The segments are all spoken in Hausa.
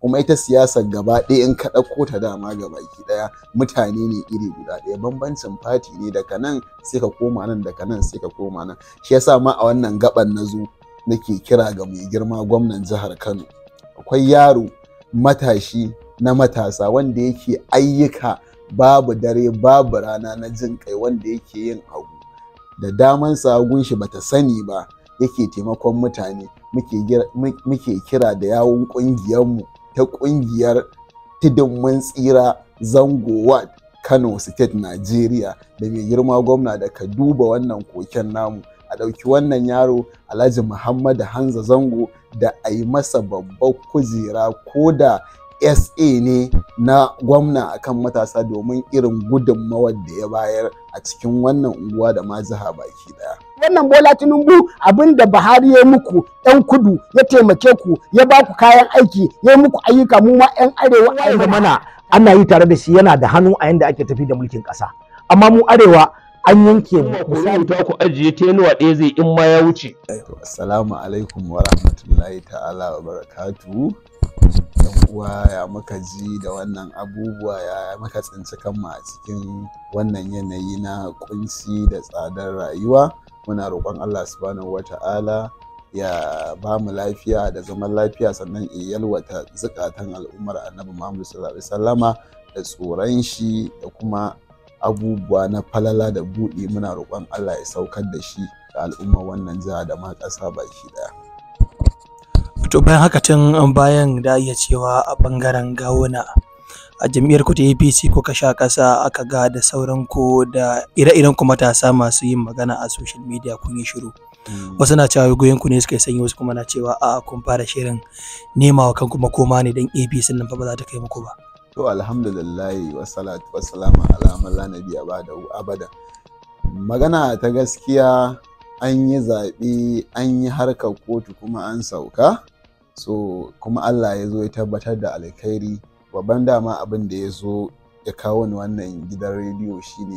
kuma ita siyasa gaba ɗaya in ka ɗauko ta dama ga baki ɗaya mutane ne iri guda ɗaya bambancin fati ne daga nan sai ka koma nan daga nan sai ka koma nan shi yasa ma a wannan gaban na zo nake kira ga mai girma gwamnan jihar Kano akwai yaro matashi na matasa wanda yake ayyuka babu dare babu rana na jin kai wanda yake yin abu da daman sagun shi bata sani ba yake taimakon mutane muke kira da yawun mu. ta ƙungiyar Tidin Mun Tsira Zango wat Kano State Nigeria da mai girma gwamna da ka duba wannan koken namu a ɗauki wannan yaro Alhaji Muhammadu Hanza Zango da a yi masa babbar kujera ko da SA ne na gwamna akan matasa domin irin gudunmawar da ya bayar a cikin wannan unguwa da ma jiha baki ɗaya. wannan bola tinubu abin da buhari ya muku yan kudu ya taimake ku ya ba ku kayan aiki ya muku ayyuka mu ma yan arewa a mana ana yi tare da shi yana da hannu a yanda ake tafi da mulkin kasa amma mu arewa an yanke mu misali ta ku ajiye ta tenuwa ɗaya zai in ma ya wuce assalamu alaikum wa rahmatullahi ta'ala wa dan uwa ya muka ji da wannan abubuwa ya muka tsinci kanmu a cikin wannan yanayi na kunci da tsadar rayuwa muna roƙon Allah subhanahu wata'ala ya ba mu lafiya da zaman lafiya sannan ya yalwata zukatan al'ummar annabi Muhammad sallallahu alaihi wasallama da tsoron shi da kuma abubuwa na falala da buɗe muna roƙon Allah ya saukar da shi ga al'ummar wannan jiha da ma ƙasa baki ɗaya. To bayan haka tun bayan da iya cewa a ɓangaren gawuna a jam'iyyar ku ta APC kuka sha ƙasa aka ga da sauran ku da ire-iren ku matasa masu yin magana a social media kun yi shiru hmm. wasu na cewa goyon ku ne suka sanyi wasu kuma na cewa a kun fara shirin nema wa kanku koma ne dan APC nan fa ba za ta kai muku ba to alhamdulillah wa salatu wa salamu ala man abada magana ta gaskiya an yi zaɓe an yi harkar kotu kuma an sauka so kuma Allah ya zo ya tabbatar da alkhairi babban dama abin da ya zo ya kawo ni wannan gidan rediyo shine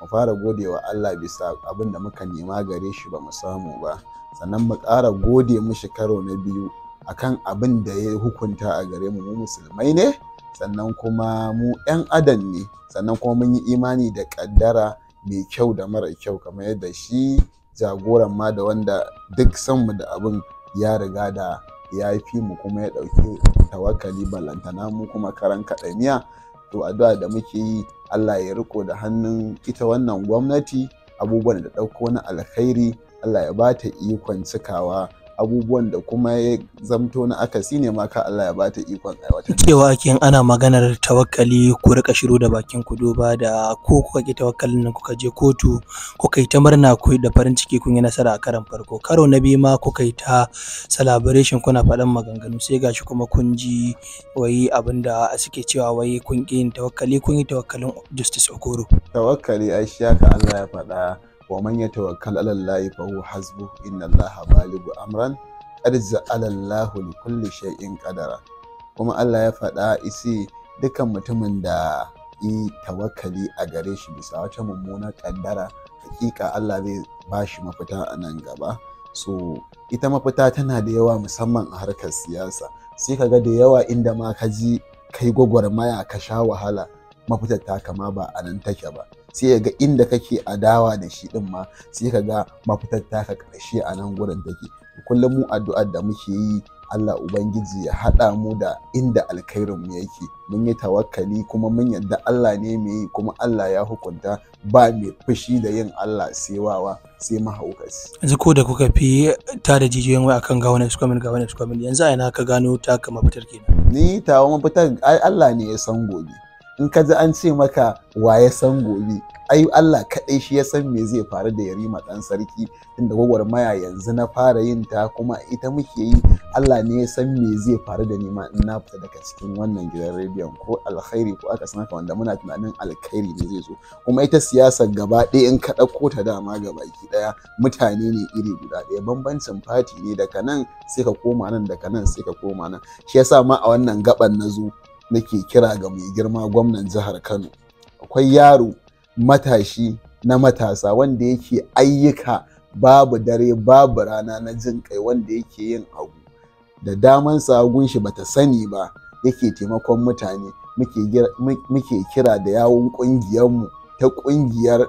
mu fara gode wa Allah bisa abin da muka nema gare shi ba mu samu ba sannan mu ƙara gode mishi karo na biyu akan abin da ya hukunta a gare mu mu musulmai ne sannan kuma mu 'yan adam ne sannan kuma mun yi imani da ƙaddara mai kyau da mara kyau kamar yadda shi jagoran ma da wanda duk sanmu da abin ya riga da ya fi mu kuma ya ɗauki tawakali balantana mu kuma karan miya to addu'a da muke yi Allah ya riko da hannun ita wannan gwamnati abubuwan da ɗauko na alkhairi Allah ya ba ta ikon cikawa abubuwan da kuma ya zamto na akasi ne ma ka Allah ya bata ikon aiwatar cewa kin ana maganar tawakkali ku rika shiru da bakin ku duba da ko kuka ki tawakkalin nan kuka je kotu kuka yi ta murna ku da farin ciki kun yi nasara a karan farko karo na biyu ma kuka yi ta celebration kuna faɗan maganganu sai gashi kuma kun ji wai abinda suke cewa wai kun ƙi yin tawakkali kun yi tawakkalin Justice Okoro tawakkali ai shi haka Allah ya faɗa wa man yatawakkal ala allahi fa huwa hasbuh inna allaha balighu amran qad ja'ala allahu li kulli shay'in qadara kuma Allah ya faɗa isi dukan mutumin da yi tawakkali a gare shi bisa wata mummunar kaddara hakika Allah zai ba shi mafita a nan gaba so ita mafita tana da yawa musamman a harkar siyasa sai ka ga da yawa inda ma ka ji kai maya ka sha wahala mafitar ta kama ba a nan take ba sai ya ga inda kake adawa da shi din ma sai ka ga mafitar ka ƙarshe a nan gurin take kullum mu addu'ar da muke yi Allah Ubangiji ya haɗa mu da inda mu yake mun yi tawakkali kuma mun yadda Allah ne mai yi kuma Allah ya hukunta ba mai fushi da yin Allah sai wawa sai mahaukaci. Yanzu ko da kuka fi ta da jijiyoyin wai akan gawanar suka min gawanar suka min yanzu a yana ka gano ta kama fitar kenan. Ni tawa mafitar Allah ne ya san gobe. in ka ji an ce maka wa ya san gobe ai Allah kaɗai shi ya san me zai faru da yarima ɗan sarki inda maya yanzu na fara yin ta kuma ita muke yi Allah ne ya san me zai faru da nima in na fita daga cikin wannan gidan rediyon ko alkhairi ko aka san wanda muna tunanin alkhairi ne zai zo kuma ita siyasar gaba ɗaya in ka ɗauko ta dama ki ɗaya mutane ne iri guda ɗaya bambancin fati ne daga nan sai ka koma nan daga nan sai ka koma nan shi yasa ma a wannan gaban na zo nake kira ga mai girma gwamnan jihar kano akwai yaro matashi na matasa wanda yake ayyuka babu dare babu rana na jin kai wanda yake yin abu da daman sagun shi bata sani ba yake taimakon mutane muke kira da yawun ƙungiyarmu ta ƙungiyar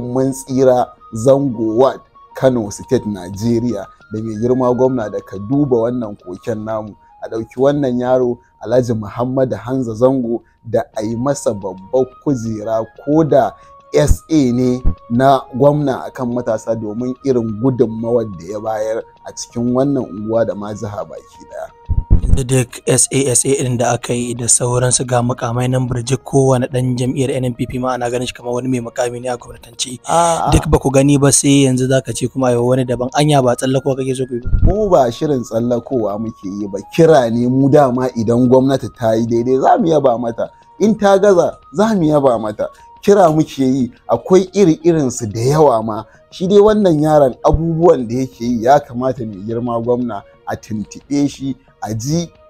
mun tsira zango ward kano state nigeria da mai girma gwamna da ka duba wannan koken namu a ɗauki wannan yaro alhaji Muhammadu hanza zango da a yi masa babbar kujera ko da sa ne na gwamna akan matasa domin irin gudunmawar da ya bayar a cikin wannan unguwa da ma jiha baki daya da duk sasa ɗin da aka yi da sauransu ga mukamai nan burjik kowane dan jam'iyyar nnpp ma ana ganin shi kamar wani mai mukami ne a gwamnatanci duk ba ku gani ba sai yanzu za ka ce kuma yau wani daban anya ba tsallakowa kake so ku yi mu ba shirin tsallakowa muke yi ba kira ne mu dama idan gwamnati ta yi daidai za mu yaba mata in ta gaza za mu yaba mata kira muke yi akwai iri irinsu da yawa ma shi dai wannan yaron abubuwan da yake yi ya kamata mai girma gwamna a tuntuɓe shi a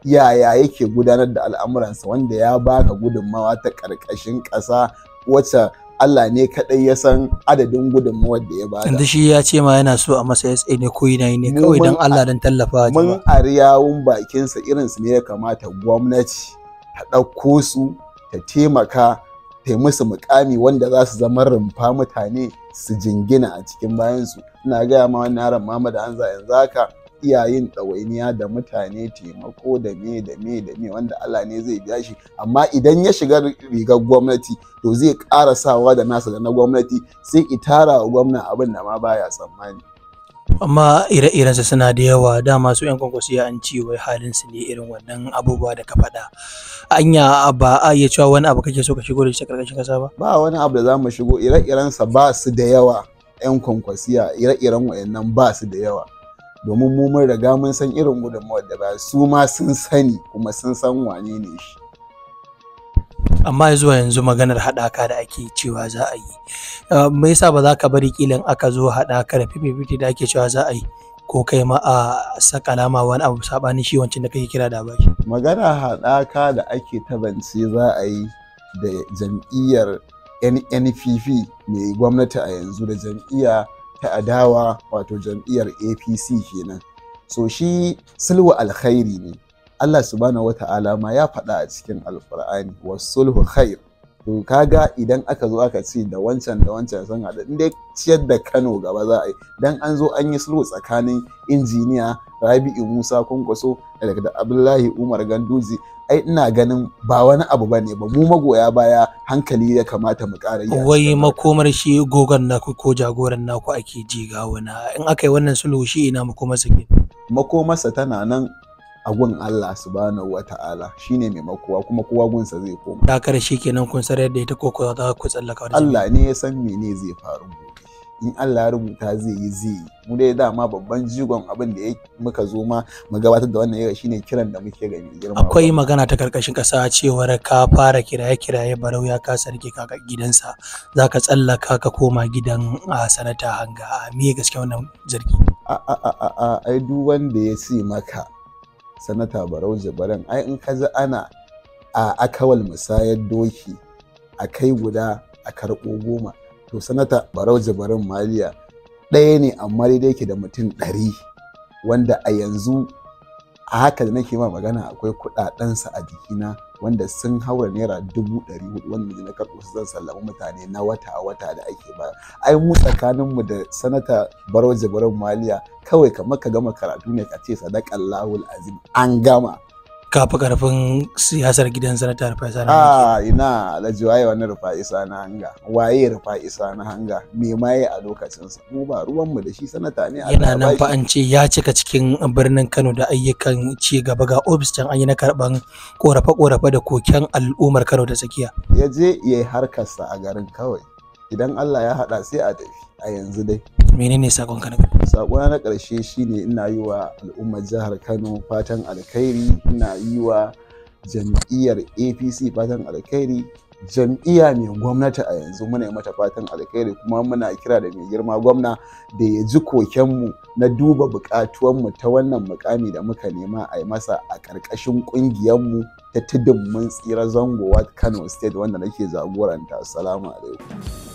yaya yake gudanar da al'amuransa wanda ya baka gudunmawa ta ƙarƙashin ƙasa wacce Allah ne kaɗai ya san adadin gudunmawar da ya bada. Yanzu shi ya ce ma yana so a masa SA ne ko yana ne kawai don Allah don tallafa wa Mun ariyawun bakinsa irinsu ne ya kamata gwamnati ta ɗauko su ta taimaka ta musu mukami wanda za su zama rumfa mutane su jingina a cikin bayansu. Ina gaya ma wannan yaron Muhammad Hanza yanzu haka Iyayen yin ɗawainiya da mutane taimako da me da me da me wanda Allah ne zai biya shi amma idan ya shiga rigar gwamnati to zai ƙara sawa da nasa da na gwamnati sai itara wa gwamna abin da ma baya tsammani amma ire-irensa suna da yawa dama su 'yan kwankwasiya an ci wai halin su ne irin wannan abubuwa da ka faɗa anya ba a iya cewa wani abu kake so ka shigo da shi karkashin kasa ba ba wani abu da za mu shigo ire-irensa ba su da yawa 'yan kwankwasiya ire-iren wayannan ba su da yawa domin mu mun riga mun san irin gudunmawar da ba su ma sun sani kuma sun san wane ne shi amma zuwa yanzu maganar haɗaka da ake cewa za a yi ah, me yasa ba za ka bari kilan aka zo haɗaka da fifiti da ake cewa za a yi ko kai ma a saka lama wani abu sabanin shi wancan da kake kira da baki magana haɗaka da ake tabance za a yi da jam'iyyar nnpp mai gwamnati a yanzu da jam'iyya ta adawa wato jam'iyyar apc kenan so shi sulhu alkhairi ne allah subhanahu wata ma ya faɗa a cikin alkur'ani sulhu khair to mm, kaga idan aka zo aka ce da wancan da wancan sun haɗu inda ciyar da kano gaba za a yi dan an zo an yi sulhu tsakanin injiniya rabi'u musa kwankwaso da abdullahi umar ganduzi ai ina ganin ba wani abu ba ne ba mu magoya baya hankali ya kamata mu ƙara yi wai makomar shi gogon naku ko jagoran naku ake ji ga na in aka yi wannan sulhu shi ina makomarsa ke makomarsa tana nan a gun Allah subhanahu wa ta'ala shine mai makowa kuma kowa gunsa zai koma da karshe kenan kun sarar da ita ko ko za ku tsallaka Allah ne ya san mene zai faru in Allah ya rubuta zai yi zai yi mu dai dama babban jigon abin da muka zo ma mu gabatar da wannan yau shine kiran da muke ga girma akwai magana ta karkashin kasa cewar ka fara kiraye kiraye barau ya ka sarki ka gidansa zaka tsallaka ka koma gidan sanata hanga me gaskiya wannan zargi a a a a ai duk wanda ya ce maka sanata barau jibarin ai in ka ana a akawal musayar doki a kai guda a karɓo goma to sanata barau jibarin maliya ɗaya ne amma dai yake da mutum ɗari wanda a yanzu a haka da nake ma magana akwai kuɗaɗensa a jikina wanda sun haura naira dubu ɗari hudu wanda na karɓo su zan sallamu mutane na wata a wata da ake ba ai mu tsakanin mu da sanata baro jabaran maliya kawai kamar ka gama karatu ne ka ce sadakan lahul azim an gama kafa karfin siyasar gidan sanata rufa'i sana ah, a ina alhaji waye wani isa sana hanga waye rufa'i sana hanga me maye a lokacin su mu ba ruwan mu da shi sanata ne yana nan fa an ce ya cika cikin birnin Kano da ayyukan ci gaba ga office can an yi na karban korafe korafe da koken al'ummar Kano da tsakiya ya je yayi harkarsa a garin kawai idan Allah ya hada sai a tafi a yanzu dai menene sakon ka na sakona na karshe shine ina yi wa al'ummar jihar Kano fatan alkhairi ina yi wa jam'iyyar APC fatan alkhairi jam'iyya mai gwamnati a yanzu muna yi mata fatan alkhairi kuma muna kira da mai girma gwamna da ya ji mu na duba mu ta wannan mukami da muka nema a yi masa a ƙarƙashin mu ta tudun mun tsira zangowa kano state wanda nake zagoranta assalamu alaikum